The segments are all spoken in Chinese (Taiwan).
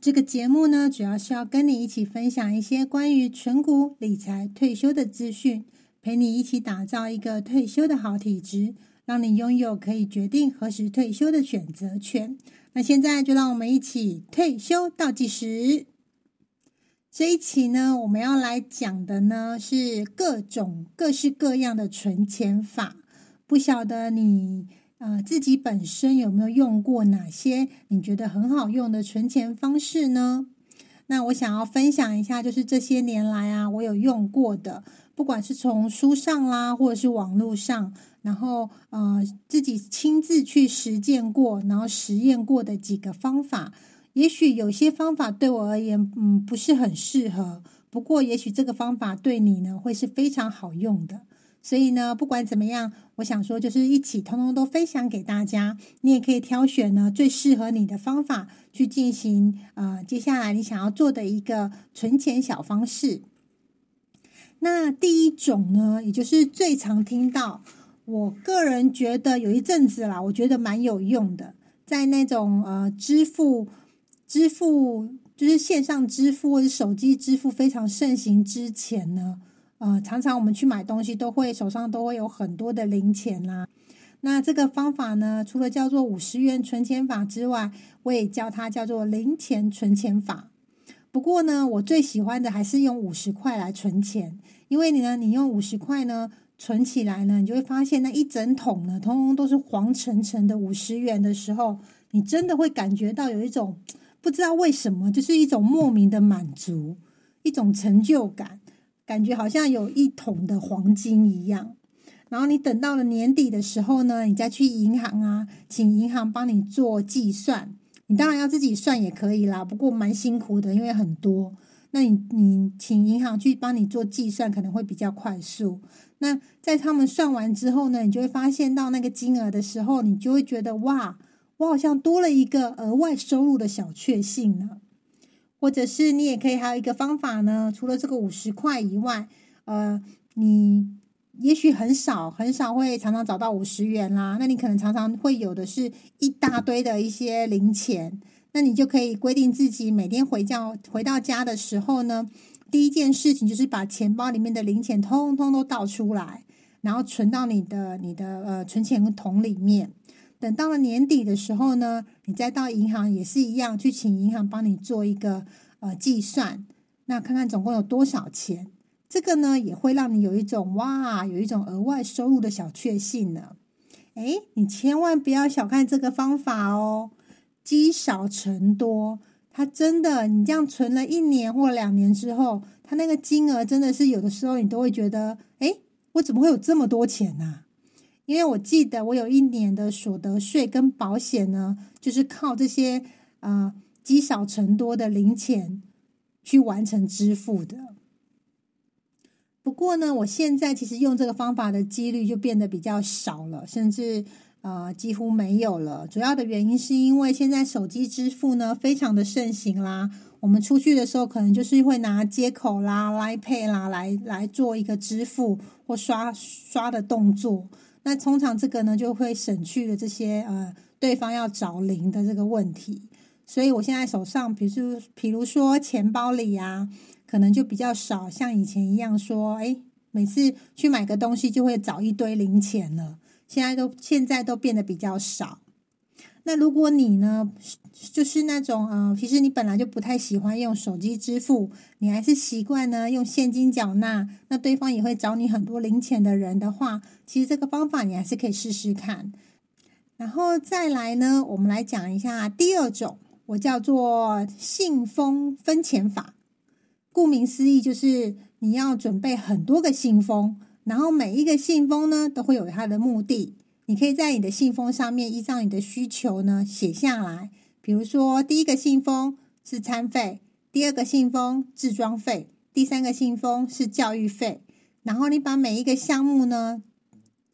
這個節目呢，主要是要跟你一起分享一些關於存股、理財、退休的資訊，陪你一起打造一個退休的好體質，讓你擁有可以決定何時退休的選擇權。那現在就讓我們一起退休倒計時。這一期呢，我們要來講的呢是各種各式各樣的存錢法，不曉得你，呃，自己本身有沒有用過哪些你覺得很好用的存錢方式呢？那我想要分享一下，就是這些年來啊，我有用過的，不管是從書上啦，或者是網絡上，然後呃，自己親自去實踐過，然後實驗過的幾個方法。也許有些方法對我而言，嗯，不是很適合，不過也許這個方法對你呢，會是非常好用的。所以呢，不管怎麼樣，我想說就是一起通通都分享給大家。你也可以挑選呢，最適合你的方法去進行，呃，接下來你想要做的一個存錢小方式。那第一種呢，也就是最常聽到，我個人覺得有一陣子啦，我覺得蠻有用的。在那種呃支付、支付，就是線上支付或者手機支付非常盛行之前呢，呃，常常我們去買東西都會手上都會有很多的零錢啦、啊。那這個方法呢，除了叫做五十元存錢法之外，我也叫它叫做零錢存錢法。不過呢，我最喜歡的還是用五十塊來存錢，因為你呢，你用五十塊呢存起來呢，你就會發現那一整桶呢，通通都是黃澄澄的五十元的時候，你真的會感覺到有一種不知道為什麼，就是一種莫名的滿足，一種成就感。感覺好像有一桶的黃金一樣，然後你等到了年底的時候呢，你再去銀行啊，請銀行幫你做計算，你當然要自己算也可以啦，不過蠻辛苦的，因為很多。那你你請銀行去幫你做計算，可能會比較快速。那在他們算完之後呢，你就會發現到那個金額的時候，你就會覺得哇，我好像多了一個額外收入的小確幸呢。或者是你也可以還有一個方法呢，除了這個五十塊以外，呃，你也許很少很少會常常找到五十元啦，那你可能常常會有的是一大堆的一些零錢，那你就可以規定自己每天回家回到家的時候呢，第一件事情就是把錢包裡面的零錢通通都倒出來，然後存到你的你的呃存錢桶裡面。等到了年底的時候呢，你再到銀行也是一樣，去請銀行幫你做一個呃計算，那看看總共有多少錢。這個呢，也會讓你有一種哇，有一種額外收入的小確幸呢、啊。誒，你千萬不要小看這個方法哦，積少成多，它真的，你這樣存了一年或兩年之後，它那個金額真的是有的時候你都會覺得，哎，我怎麼會有這麼多錢呢、啊？因為我記得我有一年的所得稅跟保險呢，就是靠這些啊、呃、積少成多的零錢去完成支付的。不過呢，我現在其實用這個方法的幾率就變得比較少了，甚至啊、呃、幾乎沒有了。主要的原因是因為現在手機支付呢非常的盛行啦，我們出去的時候可能就是會拿街口啦、LINE Pay 啦來來做一個支付或刷刷的動作。那通常這個呢，就會省去了這些呃，對方要找零的這個問題。所以我現在手上，比如比如說錢包裡啊，可能就比較少，像以前一樣說，哎，每次去買個東西就會找一堆零錢了。現在都現在都變得比較少。那如果你呢，就是那種呃，其實你本來就不太喜歡用手機支付，你還是習慣呢用現金繳納，那對方也會找你很多零錢的人的話，其實這個方法你還是可以試試看。然後再來呢，我們來講一下第二種，我叫做信封分錢法。顧名思義，就是你要準備很多個信封，然後每一個信封呢都會有它的目的。你可以在你的信封上面依照你的需求呢寫下來，比如說第一個信封是餐費，第二個信封是置裝費，第三個信封是教育費。然後你把每一個項目呢，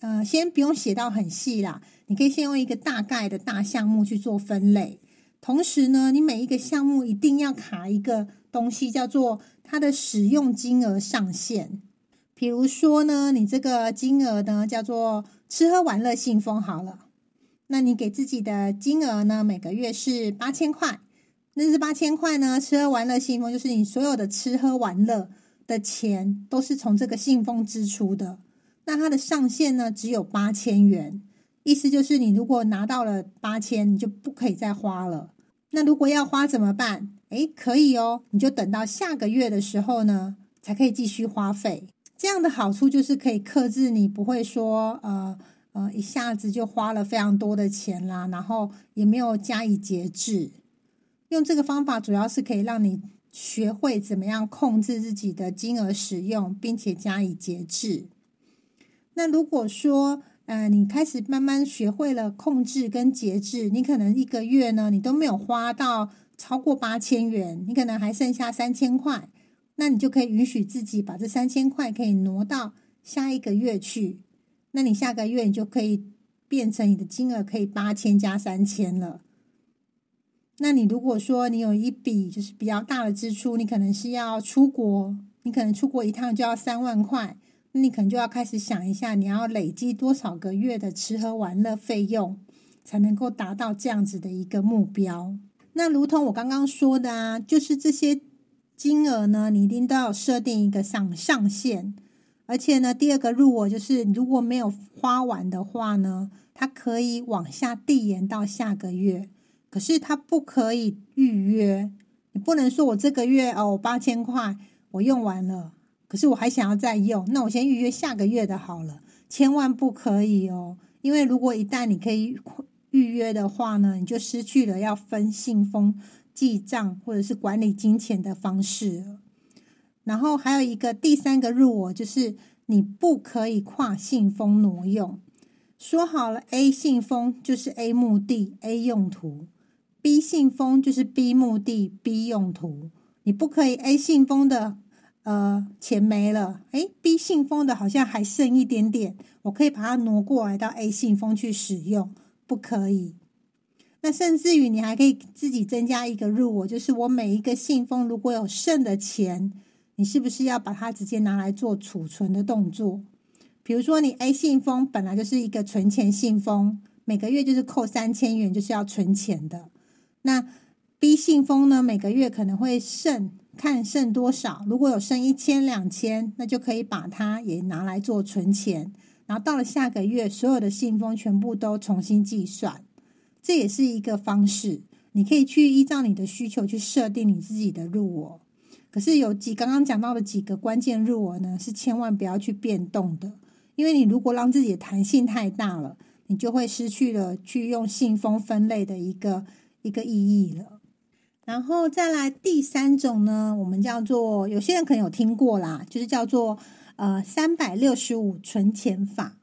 呃，先不用寫到很細啦，你可以先用一個大概的大項目去做分類。同時呢，你每一個項目一定要卡一個東西，叫做它的使用金額上限。比如說呢，你這個金額呢叫做“吃喝玩樂”信封好了。那你給自己的金額呢，每個月是八千塊。那這八千塊呢，“吃喝玩樂”信封就是你所有的吃喝玩樂的錢都是從這個信封支出的。那它的上限呢，只有八千元，意思就是你如果拿到了八千，你就不可以再花了。那如果要花怎麼辦？誒，可以哦，你就等到下個月的時候呢，才可以繼續花費。這樣的好處就是可以克制你不會說，呃呃，一下子就花了非常多的錢啦，然後也沒有加以節制。用這個方法主要是可以讓你學會怎麼樣控制自己的金額使用，並且加以節制。那如果說，呃，你開始慢慢學會了控制跟節制，你可能一個月呢，你都沒有花到超過八千元，你可能還剩下三千塊。那你就可以允許自己把這三千塊可以挪到下一個月去。那你下個月，你就可以變成你的金額可以八千加三千了。那你如果說你有一筆就是比較大的支出，你可能是要出國，你可能出國一趟就要三萬塊，那你可能就要開始想一下，你要累積多少個月的吃喝玩樂費用才能夠達到這樣子的一個目標。那如同我剛剛說的，啊，就是這些。金額呢，你一定都要設定一個上上限。而且呢，第二個入我就是，你如果沒有花完的話呢，它可以往下遞延到下個月。可是它不可以預約，你不能說我這個月哦，八千塊我用完了，可是我還想要再用，那我先預約下個月的好了。千萬不可以哦，因為如果一旦你可以預約的話呢，你就失去了要分信封記賬或者是管理金錢的方式，然後還有一個第三個入我，就是你不可以跨信封挪用。說好了，A 信封就是 A 目的 A 用途，B 信封就是 B 目的 B 用途。你不可以 A 信封的呃錢沒了，誒 B 信封的好像還剩一點點，我可以把它挪過來到 A 信封去使用，不可以。那甚至於你還可以自己增加一個入我，就是我每一個信封如果有剩的錢，你是不是要把它直接拿來做儲存的動作？比如說你 A 信封本來就是一個存錢信封，每個月就是扣三千元，就是要存錢的。那 B 信封呢，每個月可能會剩，看剩多少，如果有剩一千、兩千，那就可以把它也拿來做存錢。然後到了下個月，所有的信封全部都重新計算。這也是一個方式，你可以去依照你的需求去設定你自己的入額。可是有幾剛剛講到的幾個關鍵入額呢，是千萬不要去變動的，因為你如果讓自己的彈性太大了，你就會失去了去用信封分類的一個一個意義了。然後再來第三種呢，我們叫做有些人可能有聽過啦，就是叫做呃三百六十五存錢法。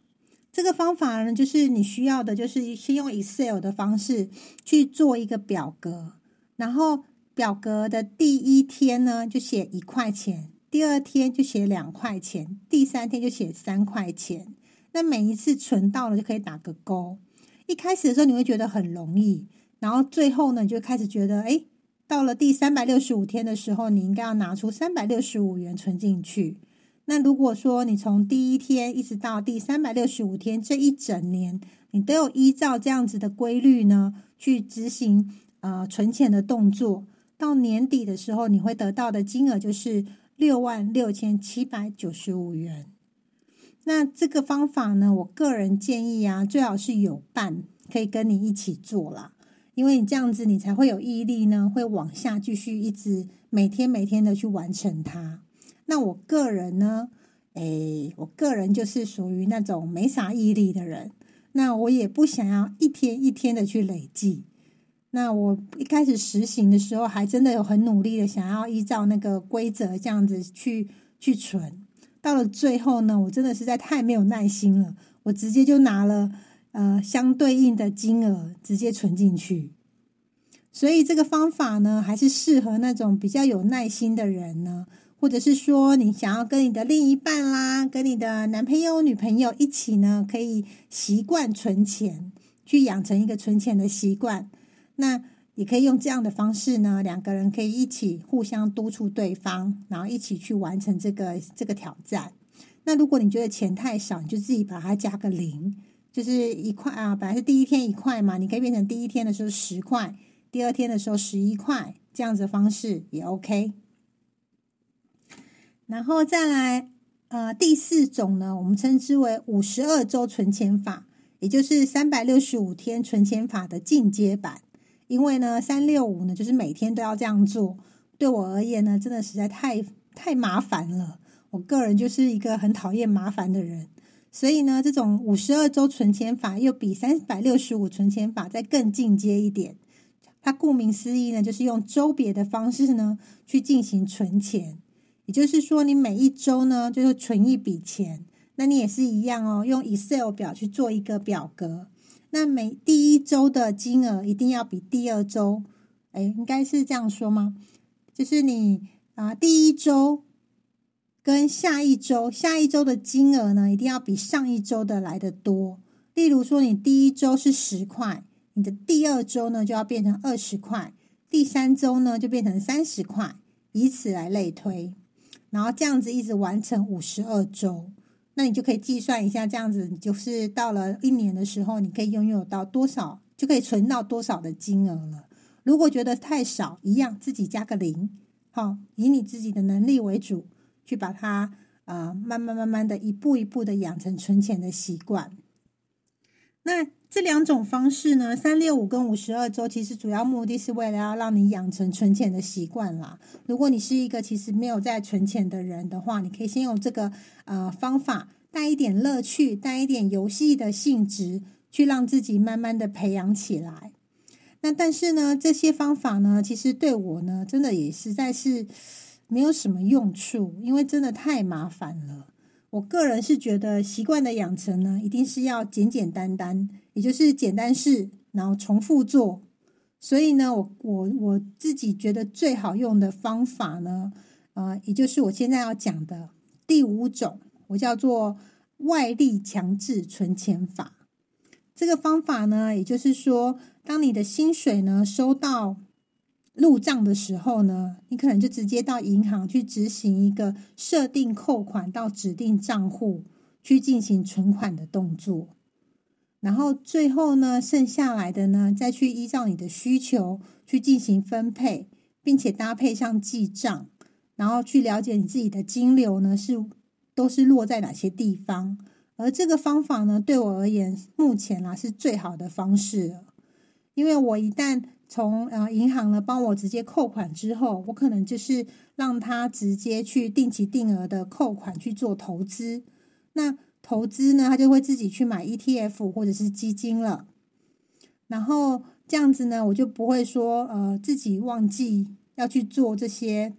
這個方法呢，就是你需要的，就是先用 Excel 的方式去做一個表格，然後表格的第一天呢就寫一塊錢，第二天就寫兩塊錢，第三天就寫三塊錢。那每一次存到了就可以打個勾。一開始的時候你會覺得很容易，然後最後呢你就開始覺得，誒，到了第三百六十五天的時候，你應該要拿出三百六十五元存進去。那如果說你從第一天一直到第三百六十五天這一整年，你都有依照這樣子的規律呢去執行呃存錢的動作，到年底的時候，你會得到的金額就是六萬六千七百九十五元。那這個方法呢，我個人建議啊，最好是有伴可以跟你一起做啦，因為你這樣子你才會有毅力呢，會往下繼續一直每天每天的去完成它。那我個人呢？哎、欸，我個人就是屬於那種沒啥毅力的人。那我也不想要一天一天的去累積。那我一開始實行的時候，還真的有很努力的想要依照那個規則這樣子去去存。到了最後呢，我真的實在太沒有耐心了，我直接就拿了呃相對應的金額直接存進去。所以這個方法呢，還是適合那種比較有耐心的人呢。或者是說，你想要跟你的另一半啦，跟你的男朋友、女朋友一起呢，可以習慣存錢，去養成一個存錢的習慣。那也可以用這樣的方式呢，兩個人可以一起互相督促對方，然後一起去完成這個這個挑戰。那如果你覺得錢太少，你就自己把它加個零，就是一塊啊，本來是第一天一塊嘛，你可以變成第一天的時候十塊，第二天的時候十一塊，這樣子的方式也 OK。然後再來，呃，第四種呢，我們稱之為五十二周存錢法，也就是三百六十五天存錢法的進階版。因為呢，三六五呢，就是每天都要這樣做。對我而言呢，真的實在太太麻煩了。我個人就是一個很討厭麻煩的人，所以呢，這種五十二周存錢法又比三百六十五存錢法再更進階一點。它顧名思義呢，就是用周別的方式呢，去進行存錢。也就是說，你每一周呢，就是存一筆錢，那你也是一樣哦。用 Excel 表去做一個表格，那每第一周的金額一定要比第二周，哎，應該是這樣說嗎？就是你啊，第一周跟下一周，下一周的金額呢，一定要比上一周的來得多。例如說，你第一周是十塊，你的第二周呢就要變成二十塊，第三周呢就變成三十塊，以此來類推。然後這樣子一直完成五十二週，那你就可以計算一下，這樣子你就是到了一年的時候，你可以擁有到多少，就可以存到多少的金額了。如果覺得太少，一樣自己加個零，好，以你自己的能力為主，去把它，啊、呃、慢慢慢慢的一步一步的養成存錢的習慣。那這兩種方式呢，三六五跟五十二周，其實主要目的是為了要讓你養成存錢的習慣啦。如果你是一個其實沒有在存錢的人的話，你可以先用這個呃方法，帶一點樂趣，帶一點遊戲的性質，去讓自己慢慢的培養起來。那但是呢，這些方法呢，其實對我呢，真的也實在是沒有什麼用處，因為真的太麻煩了。我個人是覺得習慣的養成呢，一定是要簡簡單單。也就是簡單事，然後重複做。所以呢，我我我自己覺得最好用的方法呢，呃，也就是我現在要講的第五種，我叫做外力強制存錢法。這個方法呢，也就是說，當你的薪水呢收到入賬的時候呢，你可能就直接到銀行去執行一個設定扣款到指定賬戶去進行存款的動作。然後最後呢，剩下來的呢，再去依照你的需求去進行分配，並且搭配上記賬，然後去了解你自己的金流呢是都是落在哪些地方。而這個方法呢，對我而言目前啊是最好的方式，因為我一旦從呃銀行呢幫我直接扣款之後，我可能就是讓他直接去定期定額的扣款去做投資，那投資呢，他就會自己去買 ETF 或者是基金了。然後這樣子呢，我就不會說呃自己忘記要去做這些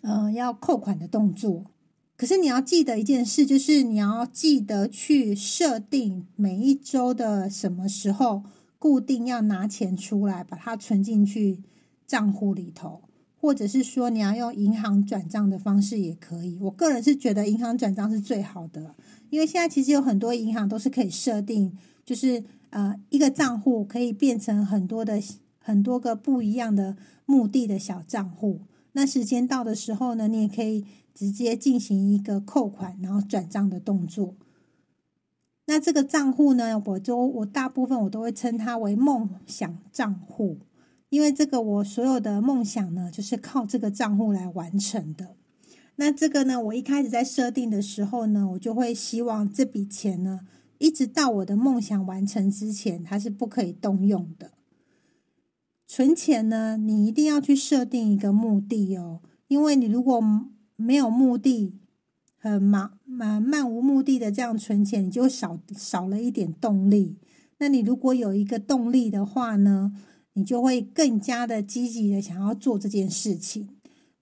呃要扣款的動作。可是你要記得一件事，就是你要記得去設定每一周的什麼時候固定要拿錢出來，把它存進去賬戶裡頭。或者是說你要用銀行轉賬的方式也可以，我個人是覺得銀行轉賬是最好的，因為現在其實有很多銀行都是可以設定，就是呃一個賬戶可以變成很多的很多個不一樣的目的的小賬戶。那時間到的時候呢，你也可以直接進行一個扣款然後轉賬的動作。那這個賬戶呢，我就我大部分我都會稱它為夢想賬戶。因為這個，我所有的夢想呢，就是靠這個賬戶來完成的。那這個呢，我一開始在設定的時候呢，我就會希望這筆錢呢，一直到我的夢想完成之前，它是不可以動用的。存錢呢，你一定要去設定一個目的哦，因為你如果沒有目的，很茫、呃，漫無目的的這樣存錢，你就少、少了一點動力。那你如果有一個動力的話呢，你就會更加的積極的想要做這件事情。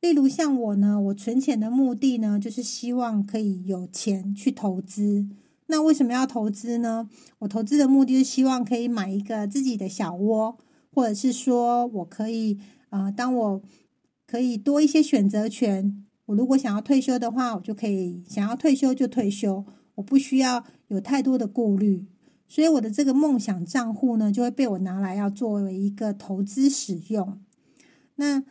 例如像我呢，我存錢的目的呢，就是希望可以有錢去投資。那為什麼要投資呢？我投資的目的，是希望可以買一個自己的小窩，或者是說我可以啊、呃，當我可以多一些選擇權。我如果想要退休的話，我就可以想要退休就退休，我不需要有太多的顧慮。所以我的這個夢想賬戶呢，就會被我拿來要作為一個投資使用。那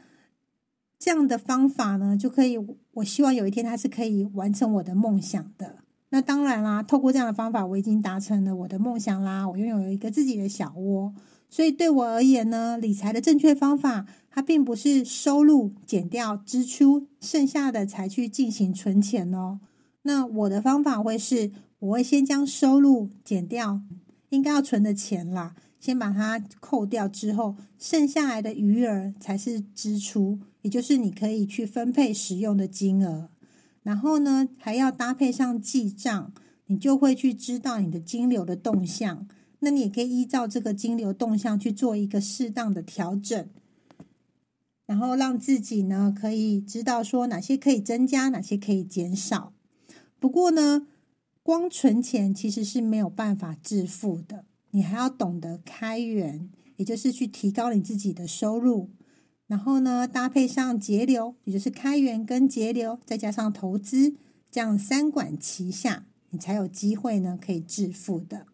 這樣的方法呢，就可以我希望有一天它是可以完成我的夢想的。那當然啦，透過這樣的方法，我已經達成了我的夢想啦，我擁有一個自己的小窩。所以對我而言呢，理財的正確方法，它並不是收入減掉支出，剩下的才去進行存錢哦。那我的方法會是。我會先將收入減掉應該要存的錢啦，先把它扣掉之後，剩下來的餘額才是支出，也就是你可以去分配使用的金額。然後呢，還要搭配上記賬，你就會去知道你的金流的動向。那你也可以依照這個金流動向去做一個適當的調整，然後讓自己呢可以知道說哪些可以增加，哪些可以減少。不過呢。光存錢其實是沒有辦法致富的，你還要懂得開源，也就是去提高你自己的收入，然後呢搭配上節流，也就是開源跟節流，再加上投資，這樣三管齊下，你才有機會呢可以致富的。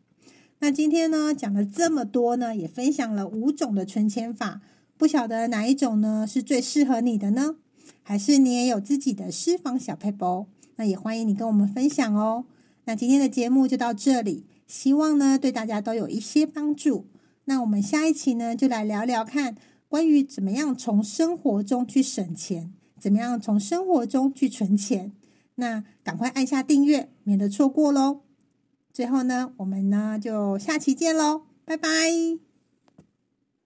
那今天呢講了這麼多呢，也分享了五種的存錢法，不曉得哪一種呢是最適合你的呢？還是你也有自己的私房小撇步？那也歡迎你跟我們分享哦。那今天的節目就到這裡，希望呢對大家都有一些幫助。那我們下一期呢就來聊聊看，關於怎麼樣從生活中去省錢，怎麼樣從生活中去存錢。那趕快按下訂閱，免得錯過嘍。最後呢，我們呢就下期見嘍，拜拜。